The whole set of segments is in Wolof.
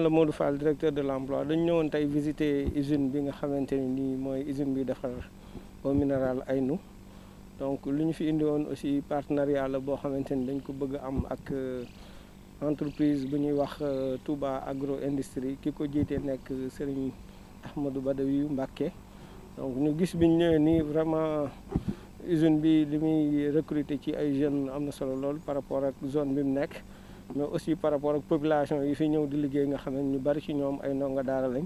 man la Modou Fall directeur de l'emploi dañu ñëwoon tey visiter usine bi nga xamante ni nii mooy usine bi defar eau ay nu donc lu ñu fi indi woon aussi partenariat la boo xamante ni dañ ko bëgg am ak euh, entreprise bu ñuy wax euh, Touba agro industrie ki ko jiitee nekk Serigne Ahmadou Badawi Mbacké donc ñu gis biñ ñëwee nii vraiment usine bi li muy recruter ci ay jeunes am na solo lool par rapport ak zone bi mu nekk mais aussi par rapport ak population yi fi ñëw di liggéey nga xam ñu bari ci ñoom ay ndongo daara lañ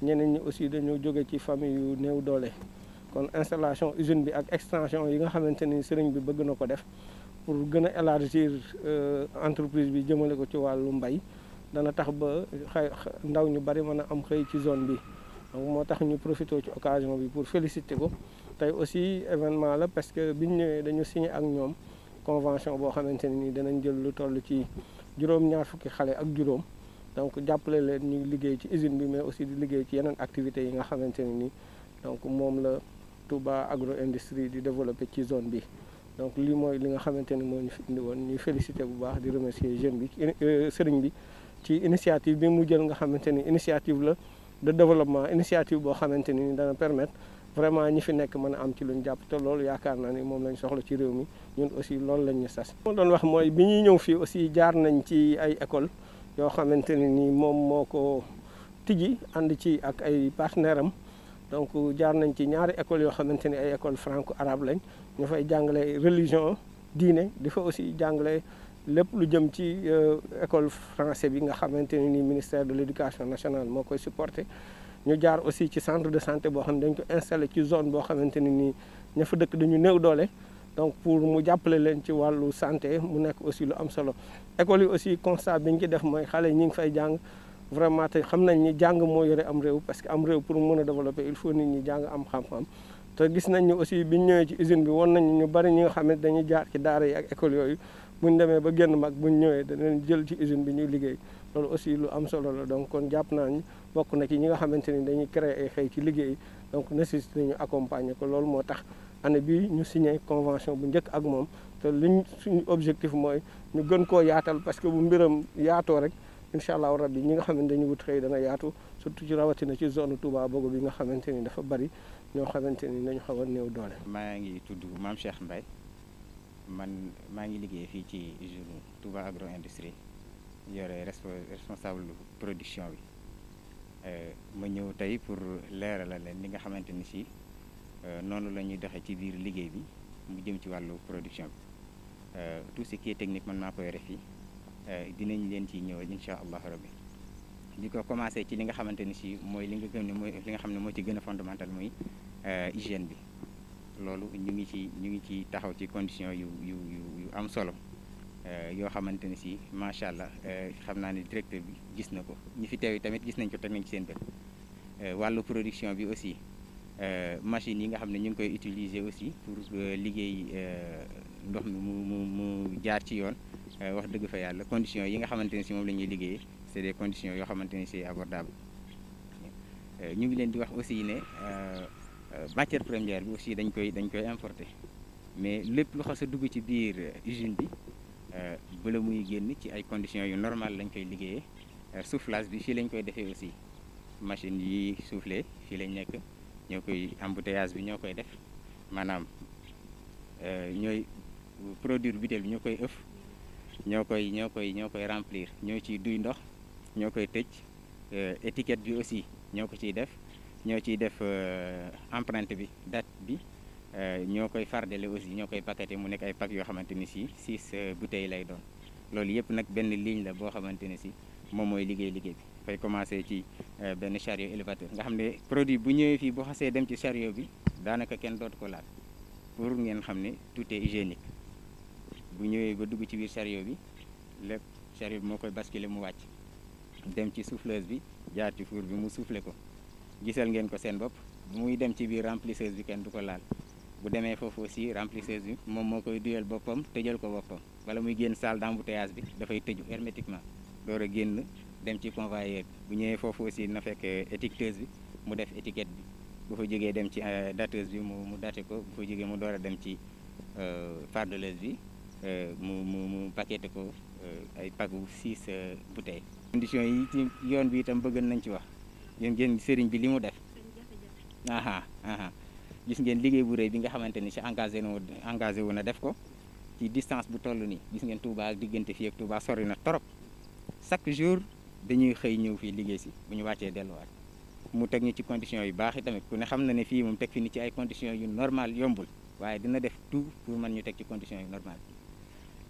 ñeneen ñi aussi dañoo jóge ci famille yu néew doole. kon installation usine bi ak extension yi nga xamante ni sëriñ bi bëgg na ko def pour gën a élargir euh, entreprise bi jëmale ko ci wàllu mbay dana tax ba xay ndaw ñu bari mën a am xëy ci zone bi. donc moo tax ñu profité ci occasion bi pour féliciter ko tey aussi événement la parce que biñ ñëwee dañu signé ak ñoom convention boo xamante ne ni danañ jël lu toll ci. juróom-ñaar fukki xale ak juróom donc jàppale leen ñu liggéey ci usine bi mais aussi di liggéey ci yeneen activités yi nga xamante ne ni donc moom la Touba agro industrie di développé ci zone bi donc lii mooy li nga xamante ne moo ñu fi indi woon ñuy félicité bu baax di remercier jeune bi euh, sëriñ bi ci initiative bi mu jël nga xamante ni initiative la de développement initiative boo xamante ni dana permettre vraiment ñi fi nekk mën a am ci luñ jàpp te loolu yaakaar naa ni moom lañ soxla ci réew mi ñun aussi loolu lañu ñu sas. moo doon wax mooy bi ñuy ñëw fii aussi jaar nañ ci ay école yoo xamante ne ni moom moo ko tijji ànd ci ak ay partenaire am donc jaar nañ ci ñaari école yoo xamante ni ay école franco arabe lañ ñu fay jàngale religion diine di fa aussi jàngale. lépp lu jëm ci euh, école français bi nga xamante ne ni ministère de l' éducation nationale moo koy supporté ñu jaar aussi ci centre de santé boo xam ne dañ ko installé ci zone boo xamante ne nii ña fa dëkk dañu néew doole donc pour mu jàppale leen ci wàllu santé mu nekk aussi lu am solo école yi aussi constat bi ñu ci def mooy xale ñi ngi fay jàng vraiment te xam nañ ñi jàng moo yore am réew parce que am réew pour mën a développer il faut nit ñi jàng am te gis nañ ni aussi biñ ñëwee ci usine bi woon nañ ñu bari ñi nga xam ne dañuy jaar ci daara yi ak école buñ demee ba génn mag buñ ñëwee danañ jël ci usine bi ñuy liggéey loolu aussi lu am solo la donc kon jàpp naa ni bokk na ci ñi nga xamante ni dañuy créer ay xëy ci liggéey donc nécessité ñu accompagner ko loolu moo tax année bi ñu signé convention bu njëkk ak moom te liñ suñu objectif mooy ñu gën koo yaatal parce que bu mbiram yaatoo rek incha allahu rabbi ñi nga xam ne dañu wut xëy dana yaatu surtout ci rawatina ci zone Touba Bogo bi nga xamante ni dafa bari ñoo xamante ni dañu xaw a néew doole. maa ngi tudd Mame Cheikh Mbaye man maa ngi liggéey fii ci usine Touba Agro Industrie yore responsable production bi euh, ma ñëw tey pour leeralal leen li nga xamante ni si euh, noonu la ñuy doxee ci biir liggéey bi mu jëm ci wàllu production bi euh, tout ce qui est technique man maa koy yore fii dinañ leen ci ñëw incha allahu rabbi di ko commencer ci li nga xamante ni si mooy li nga gëm ne mooy li nga xam ne moo ci gën a fondamental muy hygiène bi loolu ñu ngi ci ñu ngi ci taxaw ci condition yu yu yu yu am solo eh, yoo xamante ne si macha allah eh, xam naa ni directeur bi gis na ko ñu fi teew yi tamit gis nañ ko teg nañ ci seen bët eh, wàllu production bi aussi machines yi nga xam ne ñu ngi koy utiliser aussi pour liggéey ndox mi mu mu mu jaar ci yoon wax dëgg fa yàlla conditions yi nga xamante ne si moom la ñuy liggéeyee c'est des condition yoo xamante ne c'est abordable ñu ngi leen di wax aussi ne. Euh, matière première bi aussi dañ koy dañ koy importer mais lépp lu xas a dugg ci biir euh, usine bi euh, bala muy génn ci ay conditions yu normal lañ koy liggéeye soufflage bi fii lañ koy defee aussi machine yi soufflé fii lañ nekk ñoo koy embouteillage bi ñoo koy def maanaam ñooy produir butéel bi ñoo koy ëf ñoo koy ñoo koy ñoo koy remplir ñoo ciy duy ndox ñoo koy tëj étiquette bi aussi ñoo ko ciy def ñoo ciy def euh, empreinte bi date bi euh, ñoo koy fardele aussi ñoo koy paqueté mu nekk ay pack yoo xamante ni si six euh, bouteilles lay doon loolu yëpp nag benn ligne la boo xamante ne si moom mooy liggéey liggéey bi fay commencé ci benn chariot élévateur nga xam ne produit bu ñëwee fii boo xasee dem ci chariot bi daanaka kenn dootu ko laal pour ngeen xam ne tout est hygiénique bu ñëwee ba dugg ci biir chariot bi lépp chariot bi moo koy basculer mu wàcc dem ci souffleuse bi jaar ci four bi mu souffler ko gisal ngeen ko seen bopp muy dem ci biir remplisseuse bi kenn du ko laal bu demee foofu aussi remplisseuse bi moom moo koy duyal boppam tëjal ko boppam wala muy génn salle d'embouteillage bi dafay tëju hermétiquement door a génn dem ci convoyeur bi bu ñëwee foofu aussi na fekk étiqueteuse bi mu def étiquette bi bu fa jógee dem ci euh, dateuse bi mu mu date ko bu fa jógee mu door a dem ci euh, fardeleuse bi euh, mu mu mu paqueté ko ay pagu six bouteilles. conditions yi ci yoon bi itam bëgg nañ ci wax. ngeen ngeen sëriñ bi li mu def aha aha gis ngeen liggéey bu rëy bi nga xamante ni si engagé na engagé wu na def ko ci distance bu toll nii gis ngeen Touba ak diggante fii ak Touba sori na trop chaque jour dañuy xëy ñëw fii liggéey si bu ñu wàccee delluwaat mu teg ñu ci conditions yu baax yi tamit ku ne xam na ne fii moom teg fi ni ci ay conditions yu normal yombul waaye dina def tout pour mën ñu teg ci conditions yu normal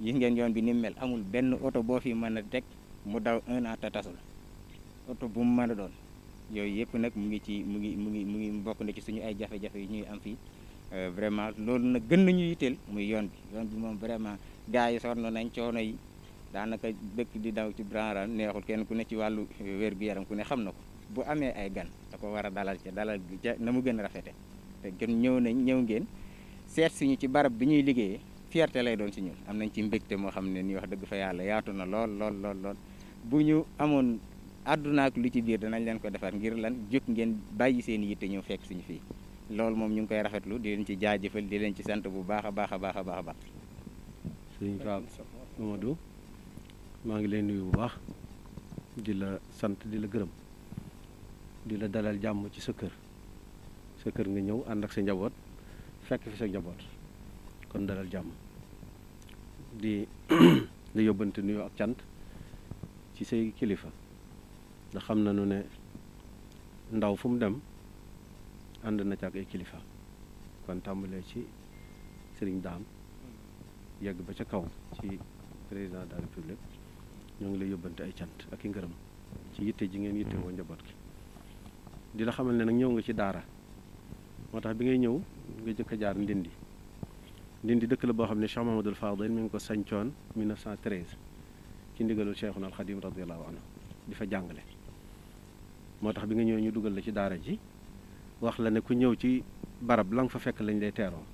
gis ngeen yoon bi ni mu mel amul benn oto boo fi mën a teg mu daw un oto bu mën a doon yooyu yëpp nag mu ngi ci mu ngi mu ngi mu ngi bokk na ci suñu ay jafe-jafe yu ñuy am fii euh, vraiment loolu nag gën nañu yitteel muy yoon bi yoon bi moom vraiment gars yi sonn nañ coono yi daanaka dëkk di daw ci branram neexul kenn ku ne ci wàllu euh, wér gu yaram ku ne xam na ko bu amee ay gan da ko war a dalal ca dalal bi ca na mu gën a rafete te gën ñëw nañ ñëw ngeen seet suñu ci barab bi ñuy liggéeyee fierté lay doon si ñun am nañ ci mbégte moo xam ne ni wax dëgg fa yàlla yaatu na lool lool lool lool àdduna ak lu ci biir danañ leen ko defar ngir lan jóg ngeen bàyyi seen yitte ñëw fekk suñu fii loolu moom ñu ngi koy rafetlu di leen ci jaajëfal di leen ci sant bu baax a baax a baax a baax a baax. sëñ maa ngi leen nuyu bu baax di la sant di la gërëm di la dalal jàmm ci sa kër sa kër nga ñëw ànd ak sa njaboot fekk fi sa njaboot kon dalal jàmm di la yóbbante nuyu ak cant ci say kilifa. ndax xam nañu ne ndaw fu mu dem ànd na ci ak ay kilifa kon tàmbalee ci sëriñ daam yegg ba ca kaw ci président de la république ñoo ngi lay yóbbante ay cant ak i ngërëm ci yitte ji ngeen yitte woo njaboot gi di la xamal ne nag ñëw nga ci daara moo tax bi ngay ñëw nga jëkk a jaar ndindi ndindi dëkk la boo xam ne Cheikh Mahamadul Fadil mi ngi ko sañcoon 1913 ci ndigalul Cheikhuna al Xadim radiyallahu anhu di fa jàngale moo tax bi nga ñëwee ñu dugal la ci daara ji wax la ne ku ñëw ci barab la nga fa fekk lañ day teeroo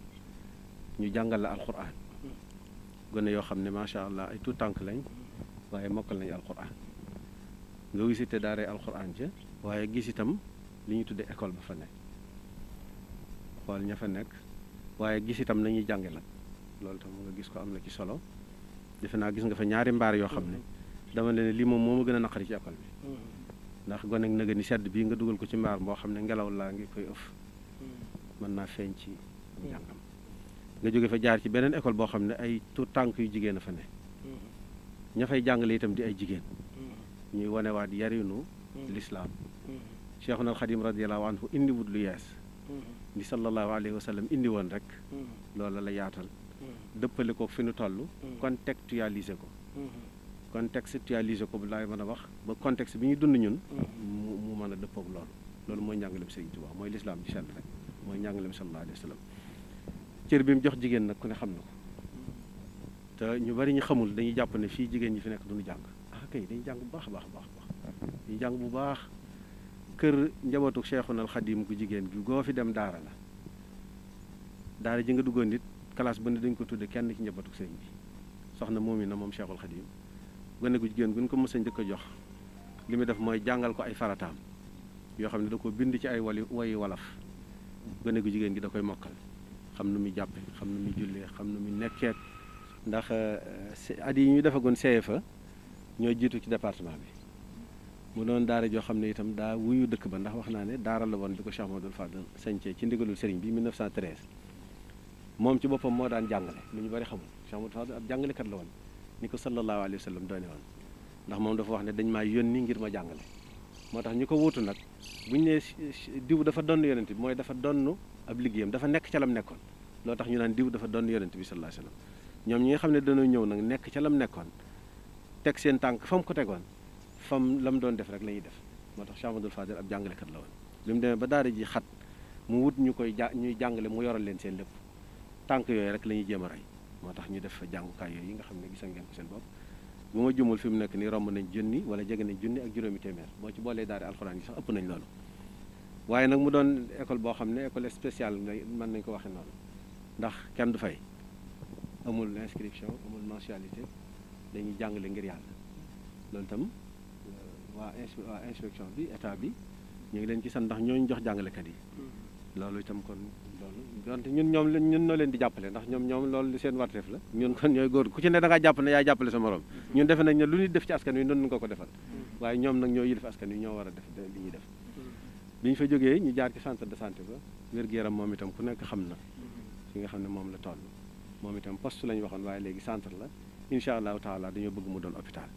ñu jàngal la alquran gone yoo xam ne macha allah ay tout tànk lañ waaye mokkal nañ alquran nga daara daaree alquran ja waaye gis itam li ñu tuddee école ba fa nekk xool ña fa nekk waaye gis itam nañuy jànge nag loolu tam nga gis ko am na ci solo defe naa gis nga fa ñaari mbaar yoo xam ne mm-hmm. dama leen lii moom moo gën a naqari ci école bi mm-hmm. ndax gone ak nëgë sedd bii nga dugal ko ci maar boo xam ne ngelaw laa ngi koy ëf hmm. mën naa feeñ ci njàngam hmm. nga jóge fa jaar ci beneen école boo xam ne ay tuut tànk yu jigéen a fa ne hmm. ña fay jàngale itam di ay jigéen ñuy wanewaat yarinu lislaam cheikhuna al xadim radiallahu anhu indi wut lu yees ni sallallahu alayhi wa sallam indi woon rek loolu la yaatal dëppale ko fi nu toll contextualiser ko contextualiser ko bu laay mën a wax ba contexte bi ñu dund ñun mu mu mën a dëppoog loolu loolu mooy njàngalem Sëriñ Tuubaa mooy lislaam ci seen rek mooy njàngalem sallallahu alayhi wa sallam cër bi mu jox jigéen nag ku ne xam na ko te ñu bari ñu xamul dañuy jàpp ne fii jigéen ñi fi nekk duñu jàng ah kay dañuy jàng bu baax baax baax ñu jàng bu baax kër njabootu Cheikhuna na Xadim ku jigéen gi goo fi dem daara la daara ji nga duggoon nit classe ba ne dañ ko tudde kenn ci njabatu sëriñ bi soxna moom i na moom Cheikhul gone gu jigéen guñ ko mës a njëkk jox li muy def mooy jàngal ko ay farataam yoo xam ne da ko bind ci ay wali wayi walaf gone gu jigéen gi da koy mokkal xam nu muy jàpp xam nu muy jullee xam nu muy nekkeek ndax euh, at yi ñu defagoon fa ñoo jiitu ci département bi mu doon daara joo xam ne itam daa wuyu dëkk ba ndax wax naa ne daaral la woon bi ko Cheikh Modou Fadel sañcee ci ndigalul sëriñ bi 1913 moom ci boppam moo daan jàngale lu ñu bari xamul Cheikh Modou Fadel ab jàngalekat la woon ni ko sallallahu alayhi wa sallam doone woon ndax moom dafa wax ne dañ maa yónni ngir ma jàngale moo tax ñu ko wuutu nag bu ñu nee diw dafa donn yonent bi mooy dafa donn ab liggéeyam dafa nekk ca la mu nekkoon loo tax ñu naan diw dafa donn yonent bi sallallahu alayhi wa ñoom ñi nga xam ne dañoo ñëw nag nekk ca lam nekkoon teg seen tànk fa mu ko tegoon fam la mu doon def rek la ñuy def moo tax Cheikh Amadou Fadel ab jàngalekat la woon bi mu demee ba daara ji xat mu wut ñu koy ja ñuy jàngale mu yoral leen seen lépp tànk yooyu rek la ñuy jéem a rey moo tax ñu def fa jàngukaay yooyu yi nga xam ne gisal ngeen ko seen bopp bu ma jumul fi mu nekk ni romb nañ junni wala jege nañ junni ak juróomi téeméer boo ci boolee daara alxuraan yi sax ëpp nañ loolu waaye nag mu doon école boo xam ne école spéciale ngay mën nañ ko waxee noonu ndax kenn du fay amul inscription amul mensualité dañuy jàngale ngir yàlla loolu itam euh, waa waa inspection bi état bi ñu ngi leen ci sant ndax ñu jox jàngalekat yi hmm. loolu itam kon loolu donte ñun ñoom ñun noo leen di jàppale ndax ñoom ñoom lool loolu seen warteef la ñun kon ñooy góor ku ci ne da ngaa jàpp ne yaay jàppale sa morom ñun defe nañ ne lu ñuy def ci askan wi noonu nga ko defal waaye ñoom nag ñoo yilif askan wi ñoo war a def li ñuy bi ñu fa jógee ñu jaar ci centre de santé ba wér-gu-yaram moom itam ku nekk xam na fi nga xam ne moom la toll moom itam poste la ñu waxoon waaye léegi centre la incha allahu taala dañoo bëgg mu doon hôpital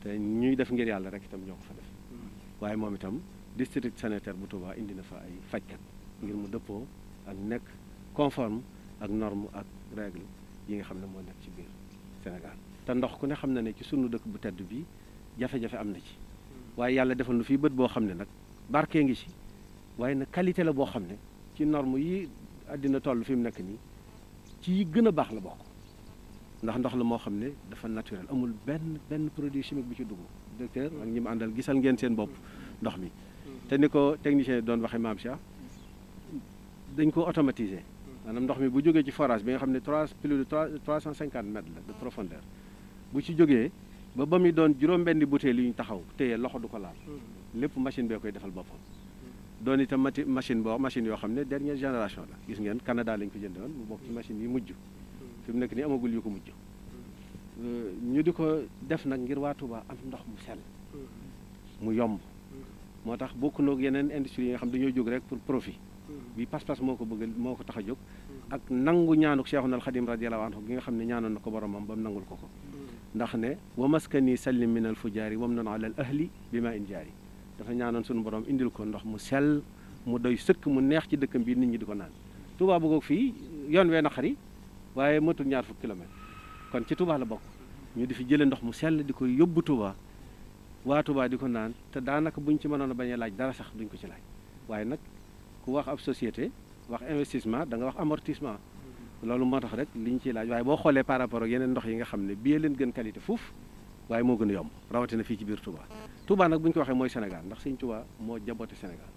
te ñuy def ngir yàlla rek itam ñoo ko fa def waaye moom itam district sanitaire bu Touba indi na fa ay fajkat ngir mu dëppoo ak nekk conforme ak norme ak règle yi nga xam ne moo nekk ci biir Sénégal te ndox ku ne xam na ne ci sunu dëkk bu tedd bi jafe-jafe am na ci hmm. waaye yàlla defal nu fii bët boo xam ne nag barkee ngi ci waaye nag qualité la boo xam ne ci norme yi àddina toll fi mu nekk nii ci gën a baax la bokk ndax ndox la moo xam ne dafa naturel amul benn benn produit chimique bi ci dugg docteur ak ñi mu àndal gisal ngeen seen bopp hmm. ndox mi hmm. te ni ko technicien doon waxe maam dañ ko automatiser maanaam ndox mi bu jógee ci forage bi nga xam ne trois plus de trois cent cinquante mètres la de profondeur bu ci jógee ba ba muy doon juróom-benni butéel yu ñu taxaw téye loxo du ko laal hmm. lépp machine bee koy defal boppam. doon itam machine boo machine yoo xam ne dernière génération la gis ngeen Canada lañ ko jënd woon mu bokk ci machine yi mujj hmm. fi mu nekk nii amagul yu ko mujj hmm. euh, ñu di ko def nag ngir waa Touba am ndox mu sell mu yomb moo tax bokk noog yeneen industrie yi nga xam dañoo jóg rek pour profit bi pas-pas moo ko bëgg moo ko tax a jóg ak nangu ñaanuk Cheikhul Khadim radiyallahu anhu gi nga xam ne ñaanoon na ko boromam ba mu nangul ko ko ndax ne wa maskani sallim fu jaar fujaari wam noon ala al ahli bi ma in jaari dafa ñaanoon suñu borom indil ko ndox mu sell mu doy sëkk mu neex ci dëkkam bi nit ñi di ko naan Touba bëggoog fii yoon wee naqari waaye matul ñaar fukki kilomètre kon ci Touba la bokk ñu di fi jëlee ndox mu sell di ko yóbbu Touba waa Touba di ko naan te daanaka buñ ci mënoon a bañ laaj dara sax duñ ko ci laaj ku wax ab société wax investissement danga wax amortissement loolu moo tax rek li ñu ci laaj waaye boo xoolee par rapport ak yeneen ndox yi nga xam ne bii leen gën qualité fuuf waaye moo gën a yomb rawatina fii ci biir Touba Touba nag bu ñu ko waxee mooy Sénégal ndax Sëñ Touba moo jaboote Sénégal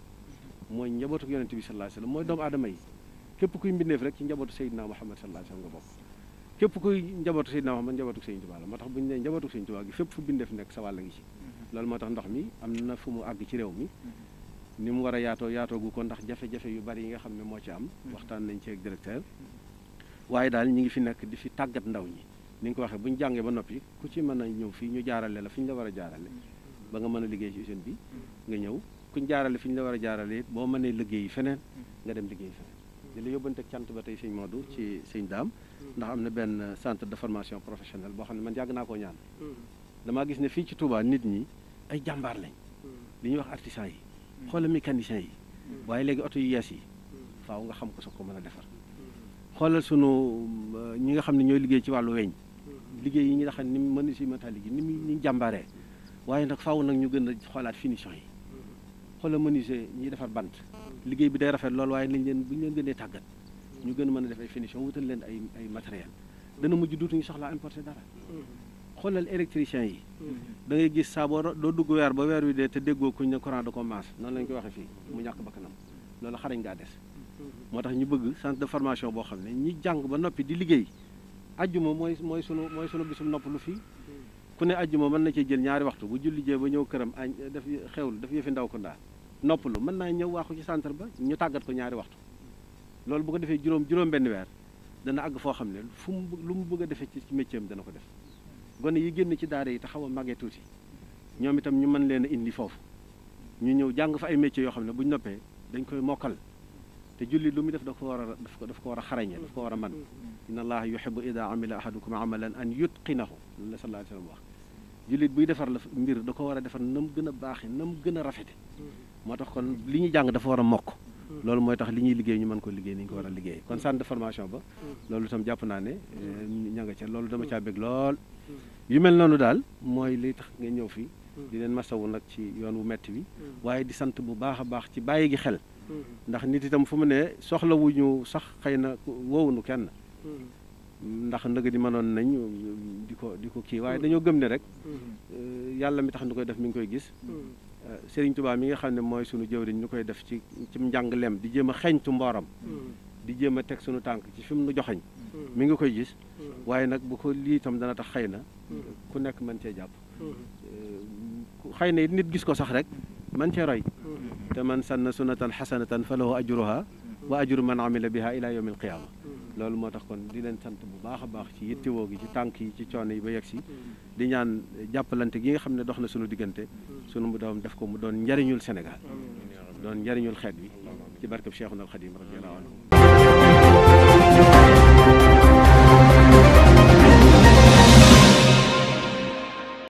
mooy njabootu yonent bi sallallahu alayhi wasallam mooy doomu aadama yi képp kuy mbindeef rek ci njabootu Seydina Muhammad sallallahu alayhi wasallam nga bokk képp kuy njabootu Seydina Muhammad njabootu Sëñ Touba la moo tax bu ñ nee njabootu Sëñ fépp fu mbindeef nekk sa wàll ngi ci mm-hmm. loolu moo tax ndox mi am na fu mu àgg ci réew ni mu war a yaatoo yaatoogu ko ndax jafe-jafe yu bari yi nga xam ne moo ci am mm-hmm. waxtaan nañ ci ak directeur waaye daal ñi ngi fi nekk di fi tàggat ndaw ñi ni nga ko waxee bu ñu jàngee ba noppi ku ci mën a ñëw fii ñu jaarale la fi ñu la war a jaarale mm-hmm. ba nga mën a liggéey ci usine bi mm-hmm. nga ñëw ku ñu jaarale fi ñu la war a jaarale boo mënee liggéey feneen nga dem liggéey feneen di yóbbante ak cant ba tey sëñ Modou ci sëñ daam ndax am na benn centre de formation professionnelle boo xam ne man yàgg naa ko ñaan damaa gis ne fii ci Touba nit ñi ay jàmbaar lañ li ñuy wax artisan yi xoolal mécanicien yi waaye léegi oto yu yees yi faaw nga xam ko soo ko mën a defar xoolal sunu euh, ñi nga xam ne ñooy liggéey ci wàllu weñ liggéey yi ñu xam ni mën si métallique yi ni mu ñu jàmbaree waaye nag faw nag ñu gën a xoolaat finition yi xoolal menuisier ñuy defar bant liggéey bi day rafet lool waaye nañ leen bu leen gënee tàggat ñu gën a mën a def ay finition wutal leen ay ay matériel dana mujj duutuñu soxlaa importé dara xoolal électricien yi mm-hmm. da ngay gis saa doo dugg weer ba weer wi dee te déggoo kuñ ne courant da ko noonu lañ ko waxe fii mu ñàkk bakkanam loolu xarañ ngaa des mm-hmm. moo tax ñu bëgg centre de formation boo xam ne ñi jàng ba noppi di liggéey ajjuma mooy mooy sunu mooy sunu bisum nopp lu fii mm-hmm. ku ne ajjuma mën na cee jël ñaari waxtu bu julli jee ba ñëw këram añ daf xewlu daf yëfi ndaw ko ndaa noppalu mën naa ñëw waaxu ci centre ba ñu tàggat ko ñaari waxtu loolu bu ko defee juróom juróom weer dana àgg foo xam ne fu mu lu mu bëgg a defee ci métier am dana ko def gone yi génn ci daara yi te xaw a tuuti ñoom itam ñu man leen a indi foofu ñu ñëw jàng fa ay métiers yoo xam ne bu ñu noppee dañ koy mokkal te jullit lu mu def daf ko war a daf ko daf ko war a xarañe daf ko war a man inna allaha yuhibbu ida amila ahadukum amalan an yutqinahu loolu la sallallahu alayhi wa sallam wax jullit buy defar la mbir da ko war a defar na mu gën a baaxe na mu gën a rafete moo tax kon li ñuy jàng dafa war a mokk loolu mooy tax li ñuy liggéey ñu mën ko liggéey ni ko war a liggéey kon centre formation ba loolu itam jàpp naa ne eh, ña nga ca loolu dama caa bég lool yu mel noonu daal mooy liy tax nga ñëw fii di leen masawu nag ci yoon wu metti bi waaye di sant bu baax a baax ci bàyyi gi xel ndax nit itam fu mu ne soxlawuñu sax xëy na woowuñu kenn ndax ndëgg di mënoon nañ di ko di ko kii waaye dañoo gëm ne rek euh, yàlla mi tax nu koy def mi ngi koy gis euh, Serigne Touba mi nga xam ne mooy sunu jëwriñ ñu koy def ci ci njàngaleem di jéem a xeeñtu mbooram di jéem a teg sunu tànk ci fi mu nu joxañ mi ngi koy gis waaye nag bu ko lii tam dana tax xëy na ku nekk man cee jàpp eh, xëy na it nit gis ko sax rek man cee roy te man sanna sunnatan tan fa lahu ajruha wa ajru man amila biha ila yawmi alqiyama loolu moo tax kon di leen sant bu baax a baax ci yittewoo gi ci tànk yi ci coono yi ba yegg si di ñaan jàppalante gi nga xam ne dox na sunu diggante sunu mu doom def ko mu doon njariñul senegal doon njariñul xeet bi ci barkeb Cheikhuna na Xadim radiyallahu